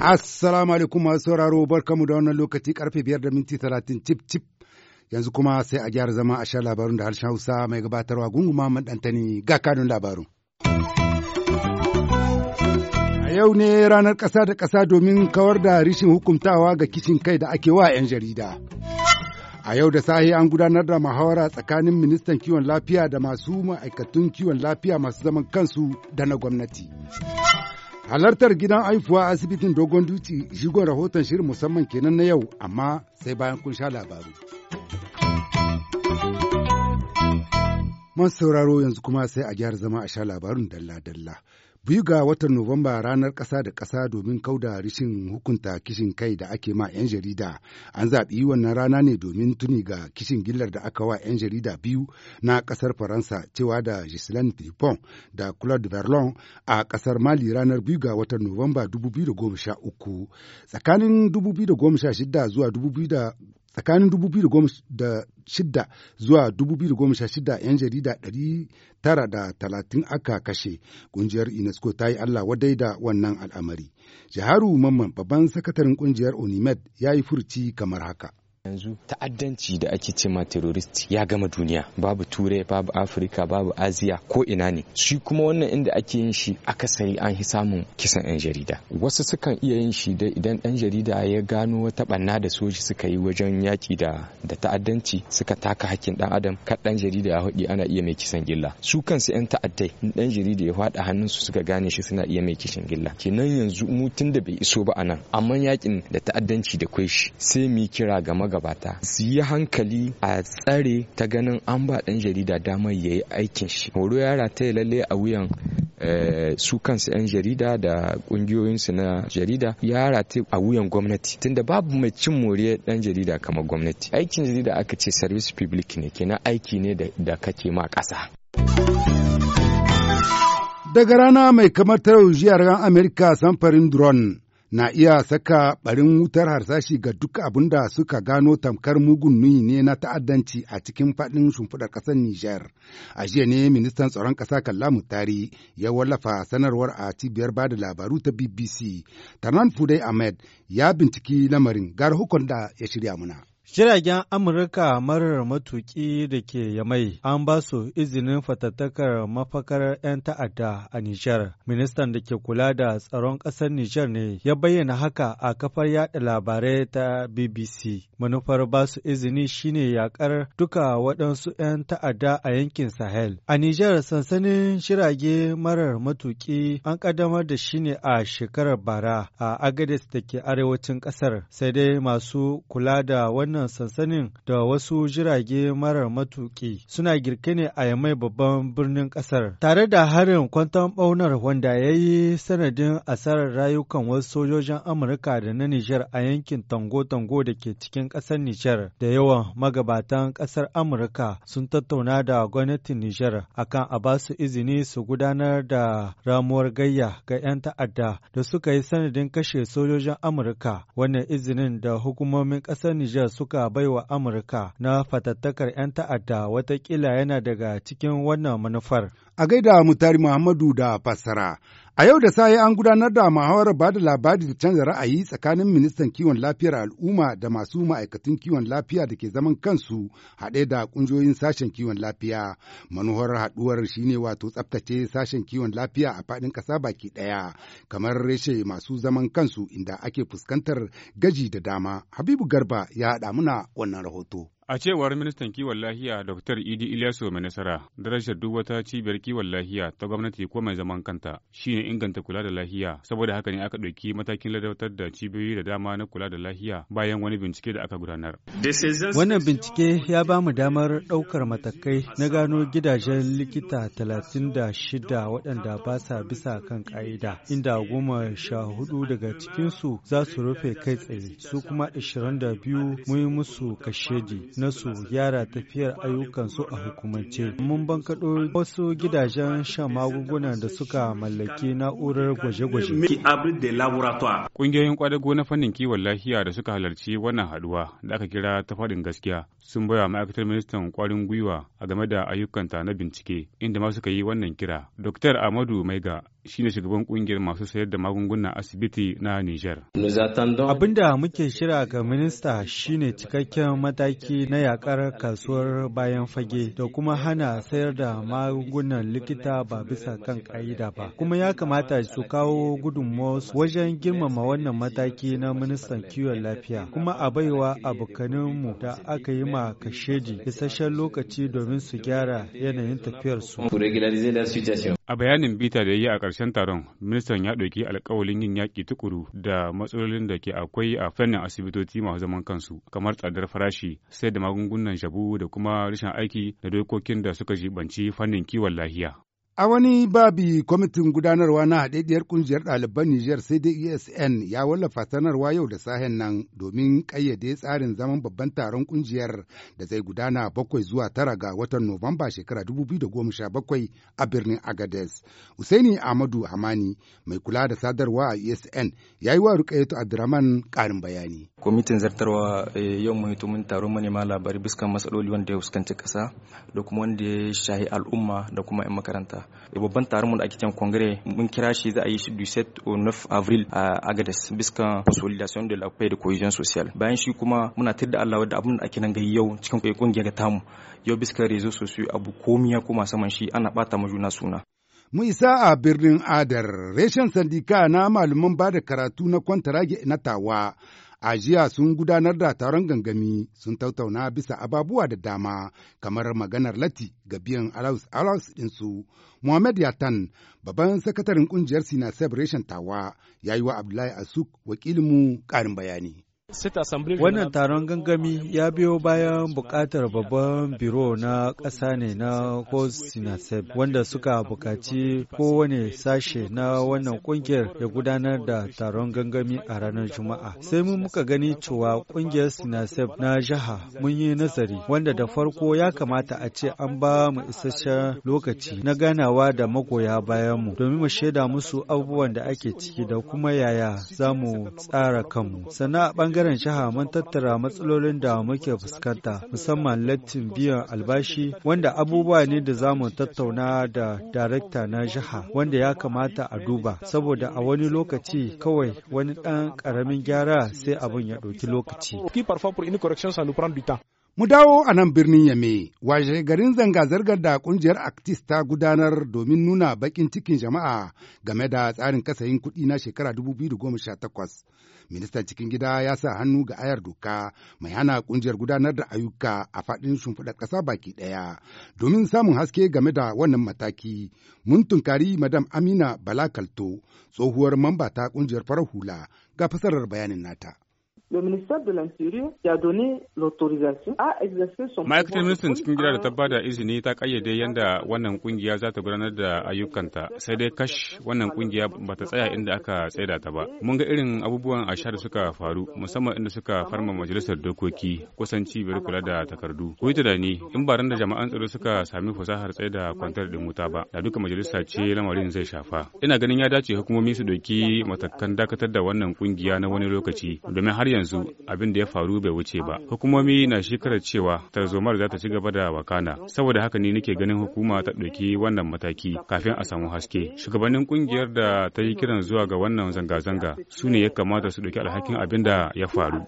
Assalamu alaikum masu sauraro barkamu da wannan lokaci karfe biyar da minti talatin cip cip. Yanzu kuma sai a gyara zama a sha labarun da harshen Hausa mai gabatarwa gunguma dantani ga kanun labarun. yau ne ranar ƙasa da ƙasa domin kawar da rishin hukuntawa ga kishin kai da ake wa 'yan jarida. A yau da sahi an gudanar da muhawara tsakanin ministan kiwon lafiya da masu ma'aikatun kiwon lafiya masu zaman kansu da na gwamnati. Halartar gidan haifuwa asibitin Dogon Dutse, shigon rahoton shirin musamman kenan na yau amma sai bayan kun sha labaru. Man sauraro yanzu kuma sai a gyara zama a sha labarun dalla-dalla. biyu ga watan Nuwamba ranar ƙasa da ƙasa domin kauda rishin hukunta kishin kai da ake ma 'yan jarida. An zaɓi wannan rana ne domin tuni ga kishin gillar da aka wa 'yan jarida biyu na ƙasar Faransa cewa da Ghislaine Dupont da Claude Verlon a ƙasar Mali ranar biyu ga watan Nuwamba 2013. Tsakanin 2016 zuwa tsakanin 2016 zuwa 2016 'yan jarida 930 aka kashe kungiyar unesco ta yi allah wadai da wannan al'amari jiharu mamman babban sakataren kungiyar onimed ya yi furci kamar haka yanzu ta'addanci da ake ce ma terrorist ya gama duniya babu turai babu afirka babu aziya ko ina ne shi kuma wannan inda ake yin shi akasari an fi samun kisan yan jarida wasu sukan iya yin shi da idan yan jarida ya gano wata banna da soji suka yi wajen yaki da da ta'addanci suka taka hakkin dan adam kad dan jarida ya hudi ana iya mai kisan gilla su kansu yan ta'addai dan jarida ya fada hannun su suka gane shi suna iya mai kisan gilla kenan yanzu mu da bai iso ba anan amma yakin da ta'addanci da kwai shi sai mu kira ga gabata su yi hankali a tsare ta ganin an ba ɗan jarida damar ya yi aikin shi horo rata ya lalle a wuyan eh, su kansu 'yan jarida da kungiyoyinsu na jarida ya rata a wuyan gwamnati tunda babu mai cin moriyar dan jarida kamar gwamnati aikin jarida aka ce service public ne kenan aiki ne da kake ma ƙasa. daga rana mai kamar ta jiyar ran amerika samfarin drone na iya saka ɓarin wutar harsashi ga duk abin da suka gano tamkar mugun nuyi ne na ta'addanci a cikin faɗin shimfiɗar ƙasar Nijar. A jiya ne ministan tsaron ƙasa Kallamu Tari ya wallafa sanarwar a cibiyar bada labaru ta BBC. Tanan Fudai Ahmed ya binciki lamarin gar hukun da ya shirya muna. Jiragen Amurka marar matuƙi da ke Yamai an ba su izinin fatattakar mafakar 'yan ta'adda a Nijar. Ministan da ke kula da tsaron ƙasar Nijar ne ya bayyana haka a kafar yada labarai ta BBC. Manufar ba su izini shine yakar duka waɗansu 'yan ta'adda a yankin Sahel. A Nijar sansanin jirage marar matuƙi an ƙaddamar da shi ne a shekarar bara a agades da ke arewacin ƙasar. Sai dai masu kula da wannan wannan sansanin da wasu jirage marar matuki suna girke ne a yamai babban birnin ƙasar. Tare da harin kwanton ɓaunar wanda ya yi sanadin asarar rayukan wasu sojojin Amurka da na Nijar a yankin Tango-Tango da ke cikin kasar Nijar da yawan magabatan ƙasar Amurka sun tattauna da gwamnatin Nijar akan a ba su izini su gudanar da ramuwar gayya ga 'yan ta'adda da suka yi sanadin kashe sojojin Amurka. Wannan izinin da hukumomin ƙasar Nijar suka suka baiwa Amurka na fatattakar 'yan ta'adda watakila yana daga cikin wannan manufar. A gaida Mutari Muhammadu da fassara. A yau da saye an gudanar da muhawarar ba da labari da canza ra'ayi tsakanin ministan kiwon lafiyar al'umma da masu ma'aikatan kiwon lafiya da ke zaman kansu haɗe da ƙungiyoyin sashen kiwon lafiya. Manuhar haɗuwar shine wato tsaftace sashen kiwon lafiya a faɗin ƙasa baki ɗaya, kamar reshe masu zaman kansu inda ake fuskantar gaji da dama. Habibu Garba ya haɗa muna wannan rahoto. A cewar ministan kiwon lahiya Dr. Idi Ilyasu mai nasara, darajar duk wata cibiyar kiwon lahiya ta gwamnati ko mai zaman kanta shine inganta kula da lahiya saboda haka ne aka ɗauki matakin ladabtar da cibiyoyi da dama na kula da lahiya bayan wani bincike da aka gudanar. Wannan bincike ya ba mu damar ɗaukar matakai na gano gidajen likita talatin da shida waɗanda ba sa bisa kan ƙa'ida, inda goma sha hudu daga cikinsu za su rufe kai tsaye, su kuma ashirin da biyu mu yi musu kashedi. na su gyara tafiyar ayyukansu a hukumance. Mun bankaɗo wasu gidajen shan magunguna da suka mallaki na'urar gwaje-gwaje. Ƙungiyoyin ƙwadago na fannin kiwon lafiya da suka halarci wannan haɗuwa da aka kira ta faɗin gaskiya sun baya ma'aikatar ministan ƙwarin gwiwa a game da ayyukanta na bincike inda ma suka yi wannan kira. Dr. Amadu Maiga shine shugaban kungiyar masu sayar da magungunan asibiti na Nijar. Abin da muke shira ga minista shine cikakken mataki na yakar kasuwar bayan fage da kuma hana sayar da magungunan likita ba bisa kan ka'ida ba. Kuma ya kamata su kawo gudunmawarsu wajen girmama wannan mataki na ministan kiwon lafiya. Kuma a baiwa abokaninmu da aka yi ma kashedi isasshen lokaci domin su gyara yanayin tafiyarsu. A bayanin bita da ya yi a ƙarshen taron, ministan ya ɗauki alkawalin yin yaƙi tukuru da matsalolin da ke akwai a fannin asibitoci masu zaman kansu, kamar tsadar farashi, sai da magungunan shabu da kuma rashin aiki da dokokin da suka jibanci fannin kiwon lahiya. A wani babi kwamitin gudanarwa na haɗaɗɗiyar ƙungiyar ɗaliban Nijar sai dai ESN ya wallafa sanarwa yau da sahen nan domin ƙayyade tsarin zaman babban taron ƙungiyar da zai gudana bakwai zuwa tara ga watan Nuwamba shekara bakwai a birnin Agades. Usaini Ahmadu Hamani mai kula da sadarwa a ESN ya yi wa a Abdurrahman ƙarin bayani. Kwamitin zartarwa eh, yau mai tumin taron manema labarai biskan matsaloli wanda ya fuskanci ƙasa da kuma wanda ya shahi al'umma da kuma 'yan makaranta. babban taron mu da ake can kongre mun kira shi za a yi shi du 7 au 9 avril a Agadez biskan consolidation de la paix de cohesion sociale bayan shi kuma muna tirda Allah wadda abun da ake nan gai yau cikin kungiyar mu yau biskan rezo sosai abu komiya kuma saman shi ana bata mu juna suna mu isa a birnin adar reshen sandika na malaman ba da karatu na kwantarage na tawa A jiya sun gudanar da taron gangami sun tattauna bisa ababuwa da dama kamar maganar Lati ga biyan alaus alaus ɗinsu. Muhammad Yatan, babban sakataren ƙungiyar Sina Celebration Tawa, ya yi wa Abdullahi Asuk wakilinmu ƙarin bayani. Wannan taron gangami ya biyo bayan bukatar babban biro na ƙasa ne na kosinase wanda suka bukaci kowane sashe na wannan kungiyar ya gudanar da taron gangami a ranar Juma'a. Sai mun muka gani cewa kungiyar Sinaseb na jiha mun yi nazari wanda da farko ya kamata a ce an ba mu isasshen lokaci na ganawa da magoya bayanmu domin mu shaida musu abubuwan da ake ciki da kuma yaya za mu tsara kanmu. Sannan a bangaren shaha mun tattara matsalolin da muke fuskanta musamman lattin biyan albashi wanda abubuwa ne da zamu tattauna da darakta na jiha wanda ya kamata a duba saboda a wani lokaci kawai wani ɗan karamin gyara sai abin ya dauki lokaci. Mu dawo a nan birnin Yame, waje garin zanga-zangar da kungiyar Actis ta gudanar domin nuna bakin cikin jama'a game da tsarin kasayin kuɗi na shekara 2018. ministan cikin gida ya sa hannu ga ayar doka mai hana kungiyar gudanar da ayyuka a faɗin shimfiɗar ƙasa baki ɗaya domin samun haske game da wannan mataki mun tunkari madam amina bala kalto tsohuwar mamba ta kungiyar farar hula ga fasarar bayanin nata le ministère de l'Intérieur qui a donné l'autorisation a exercé son Ma'aikatar ministan cikin gida da ta bada izini ta kayyade yadda wannan kungiya za ta gudanar da ayyukanta sai dai kash wannan kungiya ba ta tsaya inda aka tsaida ta ba. Mun ga irin abubuwan a da suka faru musamman inda suka farma majalisar dokoki kusanci cibiyar kula da takardu. Ku da ni in ba da jama'an tsaro suka sami fasahar tsaida kwantar din wuta ba da duka majalisa ce lamarin zai shafa. Ina ganin ya dace hukumomi su ɗauki matakan dakatar da wannan kungiya na wani lokaci domin har yanzu abin da ya faru bai wuce ba. Hukumomi na shekarar cewa tarzomar za ta ci gaba da wakana. Saboda haka ne nake ganin hukuma ta ɗauki wannan mataki kafin a samu haske. Shugabannin kungiyar da ta yi kiran zuwa ga wannan zanga-zanga su ne ya kamata su ɗauki alhakin abin da ya faru.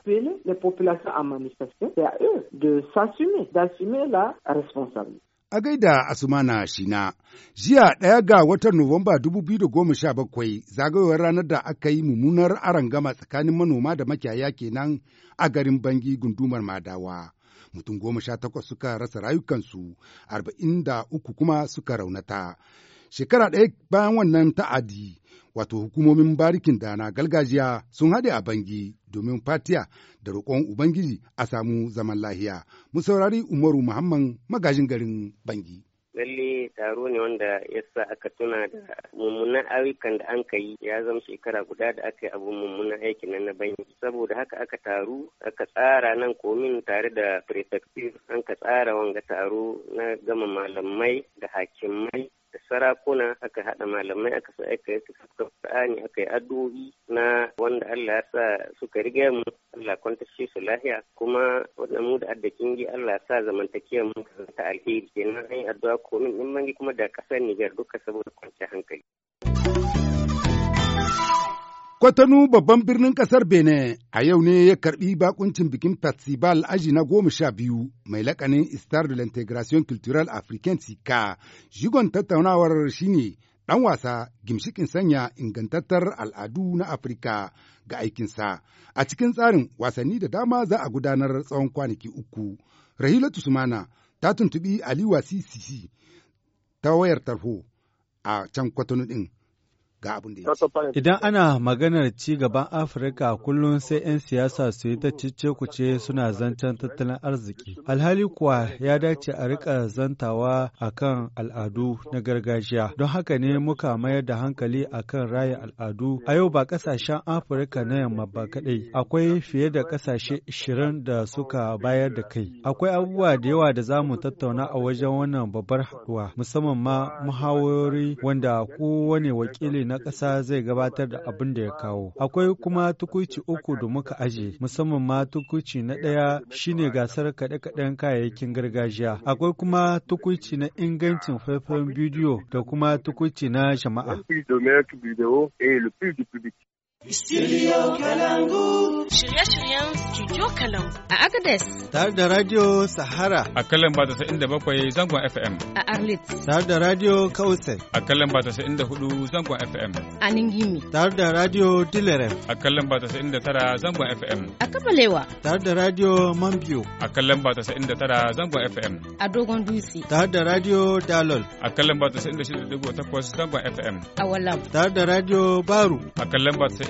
a gaida Asumana Shina. Jiya ɗaya ga watan Nuwamba da goma sha bakwai, zagayowar ranar da aka yi mummunar arangama tsakanin manoma da makiyaya kenan a garin Bangi gundumar Madawa. Mutum goma sha takwas suka rasa rayukansu, arba'in da uku kuma suka raunata. Shekara ɗaya bayan wannan ta'adi, wato hukumomin barikin dana galgajiya sun haɗe a Bangi domin fatiya da roƙon Ubangiji a samu zaman lahiya. Mu saurari Umaru Muhammad magajin garin Bangi. lalle taro ne wanda ya sa aka tuna da mummunan ayyukan da an yi ya zama shekara guda da aka yi abun mummunan aikin nan na banki saboda haka aka taru aka tsara nan komin tare da prefecture an ka tsara wanga taro na gama malamai da hakimai sarakuna aka haɗa malamai aka sa aka yi suka aka yi addu'o'i na wanda Allah ya sa suka riga mu Allah kwantashe su lahiya kuma wannan mu da addakin gi Allah ya sa zamantakiyar mu ta alheri kenan an yi addu'a komin in mangi kuma da ƙasar nijar duka saboda kwanciyar hankali. Kwatanu babban birnin ƙasar Benin a yau ne ya karɓi bakuncin bikin festival aji na goma sha biyu mai lakanin Star de l'Integration Cultural Africaine Sika. Jigon tattaunawar shine ɗan wasa gimshikin sanya ingantattar al'adu na Afirka ga aikinsa. A cikin tsarin wasanni da dama za a gudanar tsawon kwanaki uku. Rahila Tusumana ta tuntuɓi Aliwa ccc ta wayar tarho a can kwatanu ɗin. ga abin da Idan ana maganar ci gaban Afirka kullum sai 'yan siyasa su yi ta kuce suna zancen tattalin arziki. Alhali kuwa ya dace a rika zantawa a kan al'adu na gargajiya. Don haka ne muka mayar da hankali a kan raya al'adu. A yau ba kasashen Afirka na yamma ba kaɗai. Akwai fiye da kasashe shirin da suka bayar da kai. Akwai abubuwa da yawa da za mu tattauna a wajen wannan babbar haɗuwa, musamman ma muhawarori wanda kowane wakili na ƙasa zai gabatar da abin da ya kawo. Akwai kuma tukuci uku da muka aje, musamman ma tukuci na ɗaya shine gasar kaɗe-kaɗen kayayyakin gargajiya. Akwai kuma tukuci na ingancin faifan bidiyo da kuma tukuci na jama'a. Studio Kalangu. Shirye-shiryen Studio Kalangu. A Agadez. Tare da Radio Sahara. A kalan ba da bakwai zangon FM. A Arlit. Tare da Radio Kausai. A kalan ba da hudu zangon FM. A Ningimi. Tare da Radio Dileren. A kalan ba da tara zangon FM. A Kabalewa. Tare da Radio Mambiyo. A kalan ba da tara zangon FM. A Dogon Dutse. Tare da Radio Dalol. A kalan ba da takwas zangon FM. A Walam. Tare da Radio Baru. A kalan ba da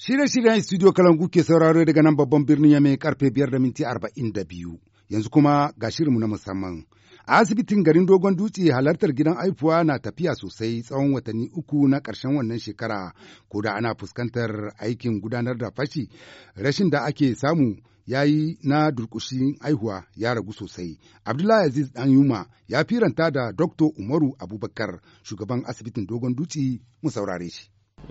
Shirye-shiryen studio Kalangu ke sauraro daga nan babban birnin ya mai karfe biyar da minti arba'in da biyu. Yanzu kuma ga shirinmu na musamman. A asibitin garin Dogon Dutse halartar gidan aifuwa na tafiya sosai tsawon watanni uku na ƙarshen wannan shekara, ko da ana fuskantar aikin gudanar da fashi, rashin da ake samu ya yi na durƙushin aihuwa ya ragu sosai. Abdullahi Aziz Dan Yuma ya firanta da Dr. Umaru Abubakar, shugaban asibitin Dogon Dutse, mu saurare shi.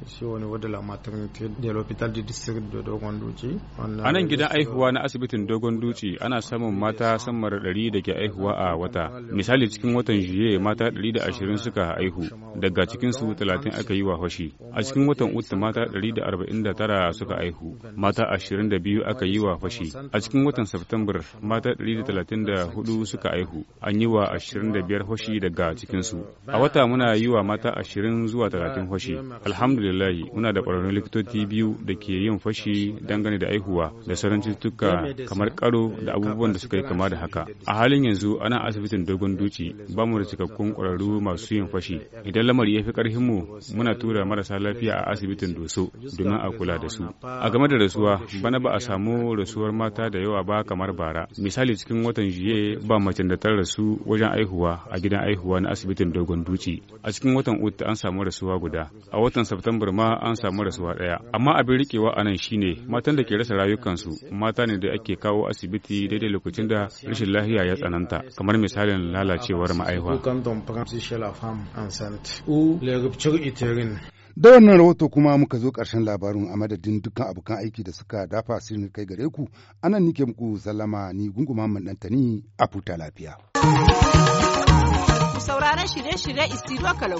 shi wani niveau de la maternité de l'hôpital du district de Dogon Duci. A nan gidan aihuwa na asibitin Dogon Duci ana samun mata sama da 100 da ke aihuwa a wata. Misali cikin watan Juye mata 120 suka aihu, daga cikin su 30 aka yi wa hoshi. A cikin watan Uta mata 149 suka aihu, mata 22 aka yi wa hoshi. A cikin watan september mata 134 suka aihu, an yi wa 25 hoshi daga cikin su. A wata muna yi wa mata 20 zuwa 30 hoshi. Alhamdulillah alhamdulillah muna da ƙwararrun likitoci biyu da ke yin fashi dangane da aihuwa da sauran cututtuka kamar karo da abubuwan da suka yi kama da haka a halin yanzu ana asibitin dogon duci ba mu da cikakkun ƙwararru masu yin fashi idan lamari ya fi ƙarfin mu muna tura marasa lafiya a asibitin doso domin a kula da su a game da rasuwa bana ba a samu rasuwar mata da yawa ba kamar bara misali cikin watan jiye ba macen da ta rasu wajen aihuwa a gidan aihuwa na asibitin dogon duci a cikin watan uku an samu rasuwa guda a watan sabta Satumbar ma an samu rasuwa ɗaya. Amma abin rikewa a nan shine matan da ke rasa rayukansu mata ne da ake kawo asibiti daidai lokacin da rashin lafiya ya tsananta kamar misalin lalacewar ma'aihuwa. Da wannan rahoto kuma muka zo ƙarshen labarin a madadin dukkan abokan aiki da suka dafa sirri kai gare ku, anan nike muku sallama ni gungu Muhammad Dantani a futa lafiya. Sauraron shirye-shirye istiro Kalau